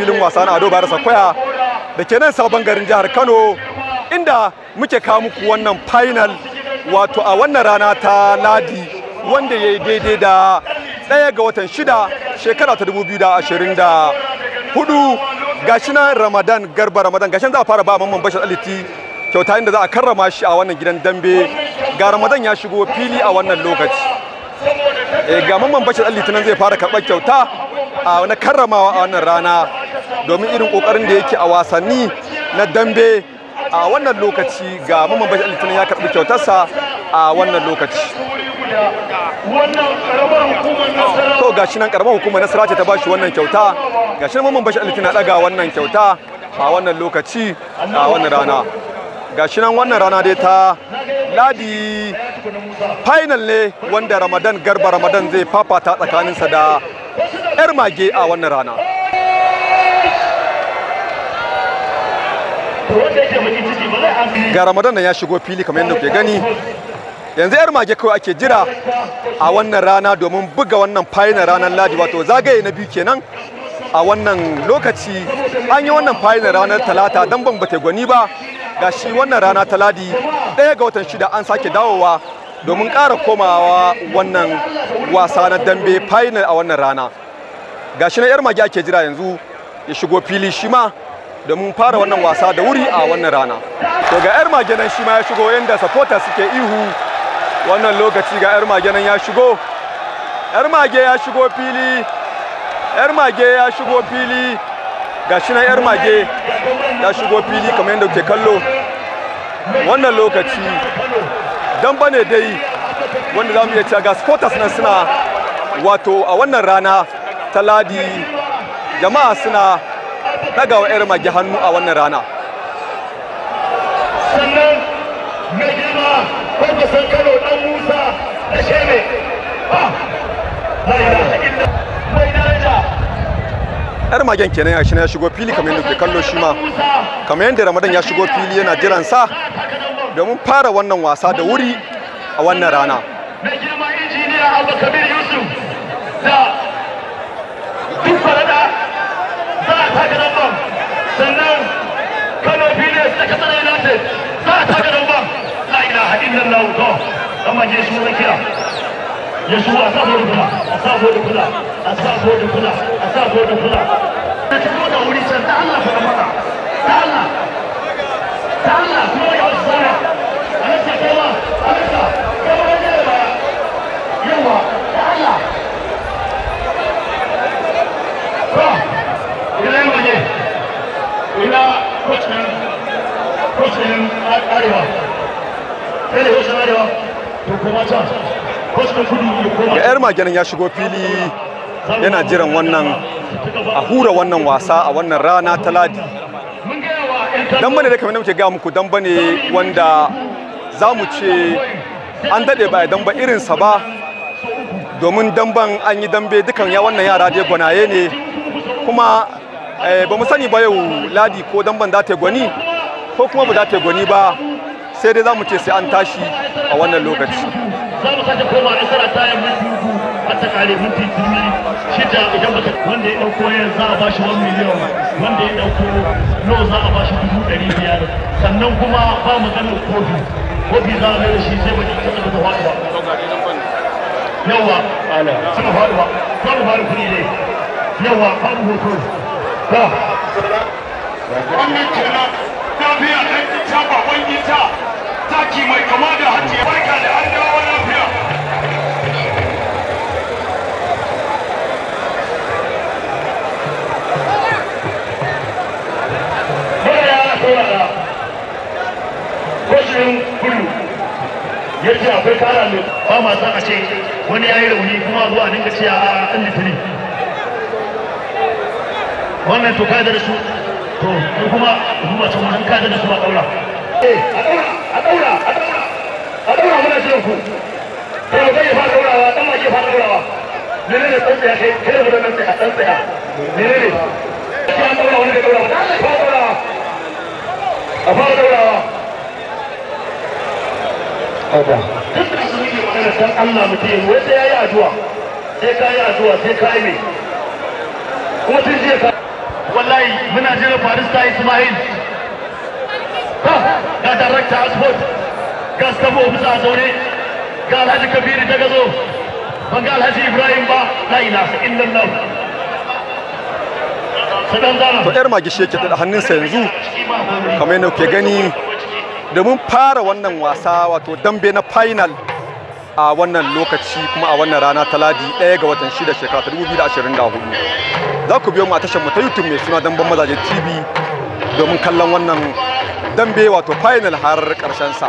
filin wasa na ado bayar sakwaya da ke nan sabon garin jihar kano inda muke kawo muku wannan final wato a wannan rana ta ladi wanda ya yi daidai da ɗaya ga watan shida shekara ta dubu biyu da ashirin da hudu gashi na ramadan garba ramadan gashin za a fara ba mamman bashar aliti kyauta inda za a karrama shi a wannan gidan dambe ga ramadan ya shigo fili a wannan lokaci eh, ga mamman bashar aliti nan zai fara karɓar kyauta na karramawa a wannan rana domin irin kokarin da yake a wasanni na dambe a wannan lokaci ga mamman bashi alitinin ya karbi kyautarsa a wannan lokaci to shi nan karamar hukumar nasara ce ta bashi wannan kyauta shi nan mamman bashi alitinin daga wannan kyauta a wannan lokaci a wannan rana shi nan wannan rana dai ta ladi final ne wanda ramadan garba ramadan zai fafata tsakaninsa da 'yar mage a wannan rana ga ramadan nan ya shigo fili kamar yadda ke gani yanzu 'yar mage kawai ake jira a wannan rana domin buga wannan final ranar ladi wato zagaye na biyu kenan a wannan lokaci an yi wannan final ranar talata don ban bata gwani ba ga shi wannan rana ta ladi ɗaya ga watan shida an sake dawowa domin ƙara komawa wannan wasa na dambe final a wannan rana gashi na yar magi ake jira yanzu ya shigo fili shi ma mun fara wannan wasa da wuri a wannan rana to ga yar magi nan shi ma ya shigo yanda supporters suke ihu wannan lokaci ga yar magi nan ya shigo yar mage ya shigo fili yar mage ya shigo fili gashi na yar mage ya shigo fili kamar yadda kuke kallo wannan lokaci dan bane dai wanda za mu iya cewa ga supporters nan suna wato a wannan rana ta ladi jama'a suna daga wa yar hannu a wannan rana sannan na girma kano dan musa da ah! yar magen kenan ya shina ya shigo fili kamar yadda ke kallo shi ma kamar yadda ramadan ya shigo fili yana jiran sa domin fara wannan wasa da wuri a wannan rana girma injiniya yusuf da ta garin bam sannan kano phoenix da kasar united za ta garin bam la ilaha illallah to amma je su na kira ya su a sa bodu kula a sa bodu kula a sa bodu kula a sa bodu kula ta fito da wuri can ta Allah fara mata ta Allah ta Allah kuma ya wasu zara a rasa kaiwa ga yar maganin ya shigo fili yana jiran wannan a hura wannan wasa a wannan rana ta ladi dan bane da kamar muke ga muku dan bane wanda za mu ce an daɗe ba dan ba irinsa ba domin damban an yi dambe dukan ya wannan yara dai gwanaye ne kuma eh, ba mu sani ba yau ladi ko damban za ta gwani ko kuma ba za ta gwani ba sai dai za mu ce sai an tashi a wannan lokaci za mu sake koma in kana ta yin a ta kare minti jini shida idan baka wanda ya dauko yan za a bashi 1 miliyan wanda ya dauko no za a bashi dubu ɗari biyar sannan kuma ba mu maganar kofi kofi za a mai da shi sai ba ki kasa da hawa yawa ala sama hawa ba ba mu fara kuɗi ne yawa ba hoto ba wannan kenan ta biya ɗan ita ba wani ita zaki mai kama da hanci barka da an dawo lafiya Kwashin gudu ya ce akwai kara ba ma a ce wani ya yi rauni kuma zuwa dinga ce a ɗan litinin wannan to kada da su to kuma kuma kada da su a ɗaura. Eh, a daura a daura a daura muna jiran ku sai zai fara daurawa dan ma fara daurawa menene tsantsaya kai kai da nan tsaya tsantsaya menene sai an daura wani da daura dan ne fara daurawa a fara daurawa Oba. Dukkan su yake magana dan Allah mutum wai sai yayi addu'a sai ka yi addu'a sai ka yi mai kuma tun jiya ka wallahi muna jiran Faris ta Ismail ga darakta asfot ga stamo bisa zaune ga alhaji kabiru daga zo ban ga alhaji ibrahim ba to yar magishe ke da hannunsa yanzu kamar yadda ke gani domin fara wannan wasa wato dambe na final a wannan lokaci kuma a wannan rana ta ladi 1 ga watan 6 shekara 2024 za ku biyo mu a tashar mu ta youtube mai suna Damban mazaje tv domin kallon wannan dambe wato final har karshen sa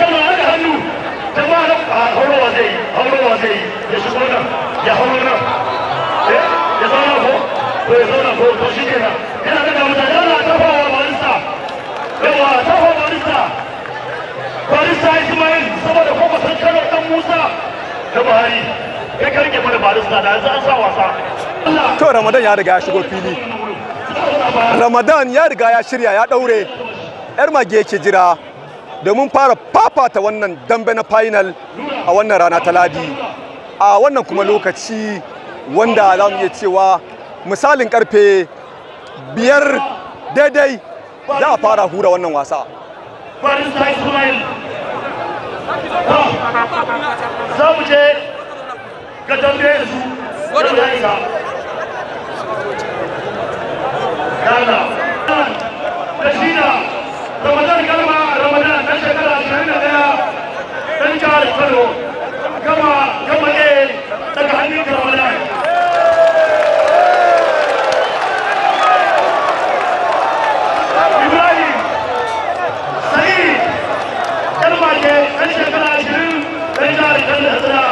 gama har hannu ta ba na ah, haurowa zai haurowa zai ya shigo nan ya hauro nan eh, ya zauna ko ko ya zauna ko to shi kenan yana daga mutane ana tafawa barista yawa tafawa barista barista ismail saboda ko ba san kano dan musa da buhari kai ka rike mana barista da yanzu an sa wasa kawai ramadan ya riga ya shigo fili ramadan ya riga ya shirya ya daure yar mage yake jira domin fara fafata wannan dambe na final a wannan rana ta ladi a wannan kuma lokaci wanda za mu iya cewa misalin karfe biyar daidai za a fara hura wannan wasa za mu je ga dambe yanzu gama gama eh daga hannun ramadan ibrahim yan ashirin jihar da da daga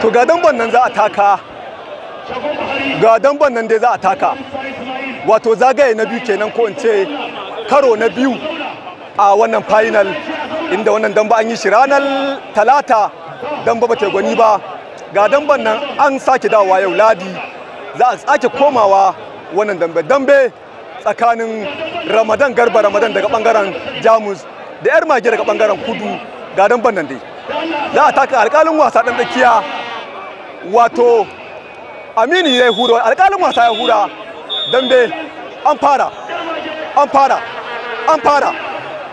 to ga damban nan za a taka ga damban nan dai za a taka wato zagaye na biyu kenan ko in ce karo na biyu a wannan final inda wannan damba an yi shi ranar talata damba ba ta gwani ba ga damban nan an sake dawowa yau ladi za a sake komawa wannan dambe dambe tsakanin ramadan garba ramadan daga bangaren jamus da yar mage daga bangaren kudu ga damban nan dai za a taka alkalin wasa dan tsakiya wato amini ya hura alƙalin wasa ya hura dambe an fara an fara an fara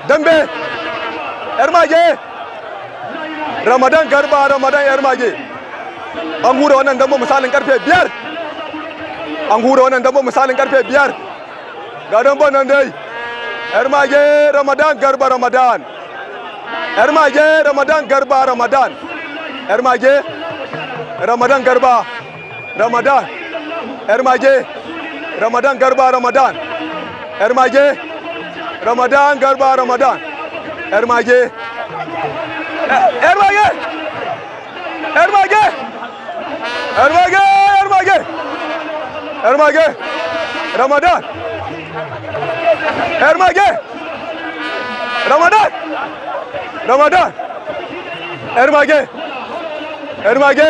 dambe yar mage ramadan garba ramadan yar mage an hura wannan dambe misalin karfe biyar an hura wannan dambe misalin karfe biyar ga dambe nan dai yar mage ramadan garba ramadan yar mage ramadan garba ramadan yar mage ramadan garba Ramadan Ermaje Ramadan Garba Ramadan Ermaje Ramadan Garba Ramadan Ermaje Ermage Ermage Ermage Ermage Ermage Ramadan Ermage Ramadan Ramadan Ermage Ermage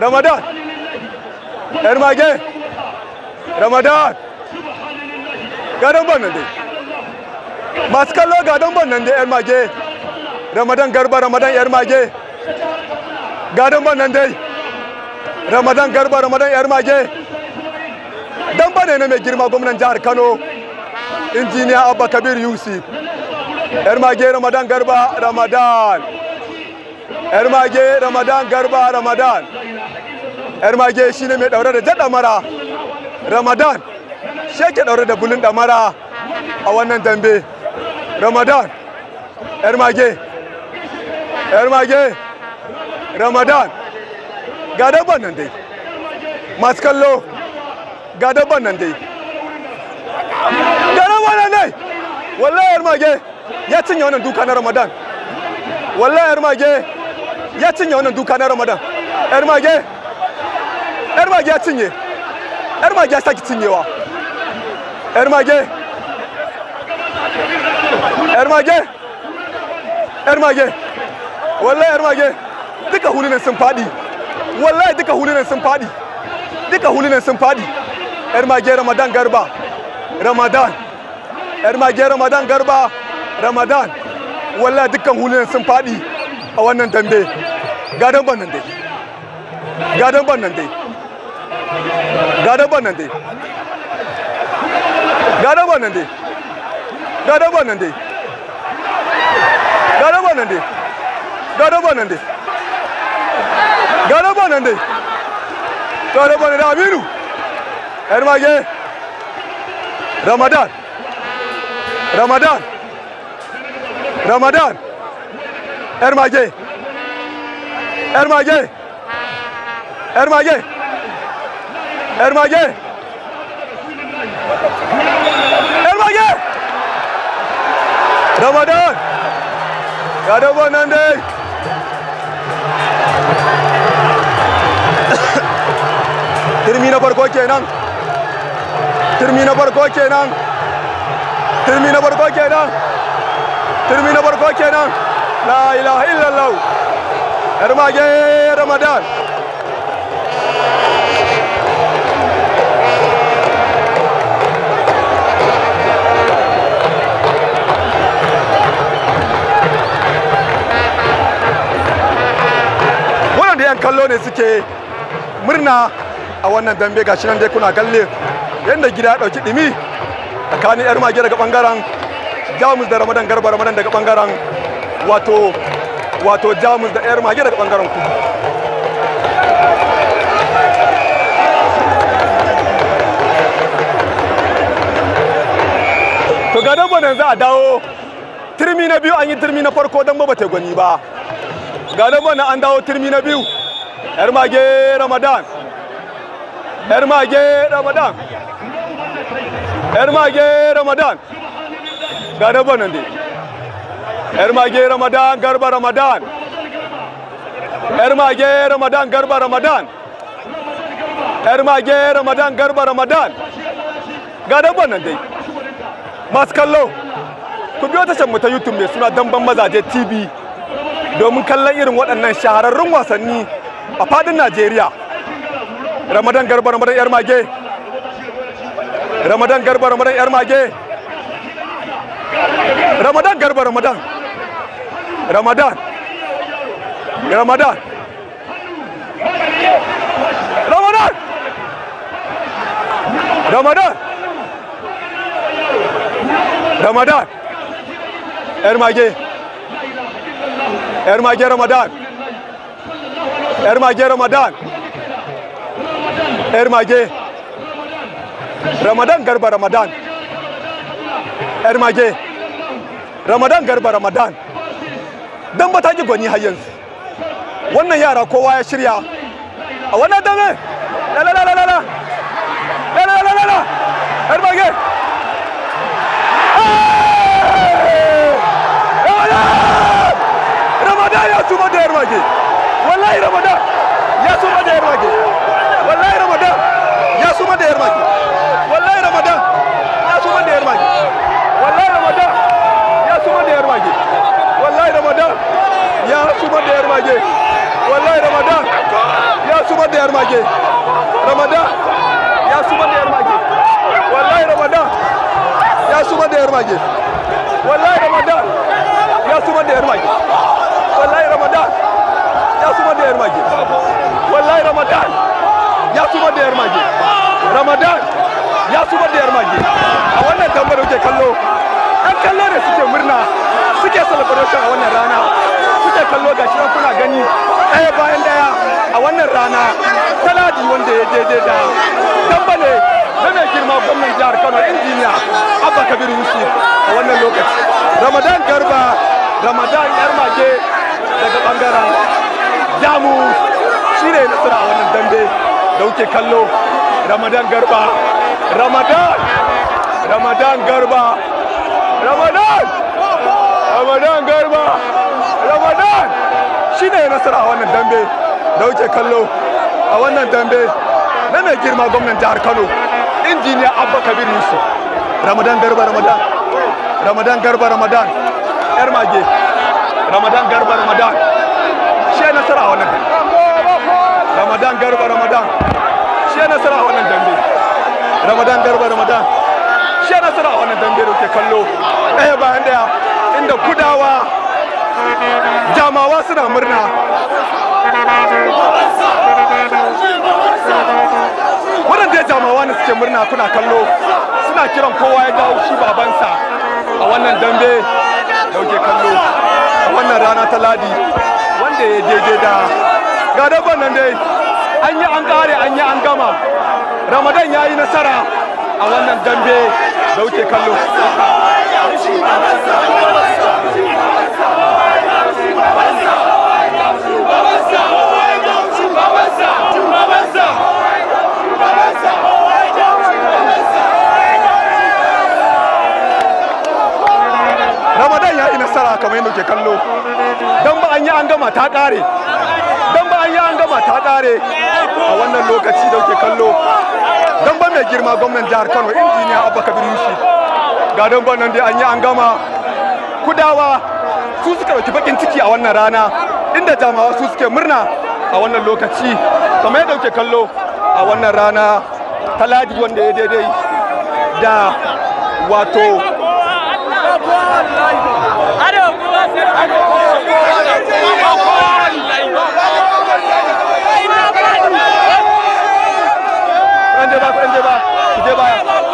Ramadan ermage ramadan ga damban nan dai masu kallo ga damban nan dai ermage ramadan garba ramadan ermage ga damban nan dai ramadan garba ramadan ermage mage ne na mai girma gwamnan jihar kano injiniya abba kabir yusuf ermage ramadan garba ramadan ermage ramadan garba ramadan yar mage shi ne mai daure da jan damara ramadan shi ke daure da bulun damara a wannan dambe ramadan yar mage yar mage ramadan ga dabban nan dai masu kallo ga dabban nan dai ga dabban nan dai wallahi yar mage ya cinye wannan duka na ramadan wallahi yar mage ya cinye wannan duka na ramadan yar mage yar mage ya cinye yar mage ya saki cinyewa yar mage yar mage yar mage wallahi yar mage duka hulunan sun fadi wallahi duka hulunan sun fadi duka hulunan sun fadi yar mage ramadan garba ramadan yar mage ramadan garba ramadan wallahi dukkan hulunan sun fadi a wannan dambe gadon ban nan dai gadon ban nan dai ga nan dai nan dai nan dai nan dai nan dai nan dai Aminu yar Ramadan Ramadan Ramadan yar Ermage! gel. Ramadan! Ya da nan dai! Turmi na farko kenan. Turmi na farko kenan. Turmi na farko kenan. Turmi na farko kenan. La ilaha illallah. Ermage Ramadan! kallo ne suke murna a wannan dambe gashi nan dai kuna galle yadda gida ya ɗauki ɗimi tsakanin yar mage daga ɓangaren jamus da ramadan garba ramadan daga ɓangaren wato wato jamus da yar mage daga ɓangaren ku to ga dan bana za a dawo turmi na biyu an yi turmi na farko dan ba ta gani ba ga dan bana an dawo turmi na biyu yar mage ramadan yar mage ramadan yar mage ramadan ga daba nan mage ramadan garba ramadan yar mage ramadan garba ramadan yar mage ramadan garba ramadan ga daba nan kallo ku biyo ta mu ta youtube ne suna damban mazaje tv domin kallon irin waɗannan shahararrun wasanni a fadin najeriya ramadan garba ramadan yar mage ramadan garba ramadan yar mage ramadan garba ramadan ramadan ramadan ramadan ramadan ramadan yar mage yar ramadan Ermage ramadan Ermage. ramadan garba ramadan Ermage. ramadan garba ramadan Dan ba ta ji gwani har yanzu wannan yara kowa ya shirya a wannan dame la la la. Ermage. ramadan ya tuma da yar mage wallahi ramadan ya suma da yar maki wallahi ramadan ya suma da yar maki wallahi ramadan ya suma da yar maki wallahi ramadan ya suma da yar maki wallahi ramadan ya suma da yar maki wallahi ramadan ya suma da yar maki ramadan ya suma da yar maki wallahi ramadan ya suma da yar maki wallahi ramadan ya suma da yar maki wallahi ramadan ya suma da yar mage wallahi ramadan ya suma da yar mage ramadan ya suma da yar mage a wannan tambayar kuke kallo an kallo ne suke murna suke celebration a wannan rana suke kallo gashi nan kuna gani ɗaya bayan ɗaya a wannan rana taladi wanda ya daidai da tambale na mai girma gwamnan jihar kano injiniya abba kabir yusuf a wannan lokaci ramadan garba ramadan yar mage daga bangaren damu shine ne nasara a wannan dambe da kuke kallo ramadan garba ramadan ramadan garba ramadan ramadan garba ramadan shine ne nasara a wannan dambe da kuke kallo a wannan dambe na mai girma gwamnan jihar kano injiniya abba kabir yusuf ramadan garba ramadan ramadan garba ramadan yar mage ramadan garba ramadan Ramadan Garba Ramadan shi ya nasara a wannan dambe Ramadan Garba Ramadan shi ya nasara a wannan dambe da ke kallo ɗaya bayan ɗaya inda kudawa jamawa suna murna Wannan dai jamawa ne suke murna kuna kallo suna kiran kowa ya dawo shi babansa a wannan dambe da ke kallo a wannan rana ta ladi wanda ya daidai da ga nan dai an yi an kare an yi an gama ramadan ya yi nasara a wannan dambe da wuce kallo ramadan ya yi nasara kamar yadda ke kallo don ba an yi an gama ta kare don ba an yi an gama ta kare a wannan lokaci da kuke kallo dan ba mai girma gwamnan jihar Kano injiniya Abba Kabir Yusuf ga dan nan dai an yi an gama kudawa su suka dauki bakin ciki a wannan rana inda jamawa su suke murna a wannan lokaci kamar yadda kuke kallo a wannan rana ta ladi wanda ya daidai da wato arewa je ba ku je ba ku je ba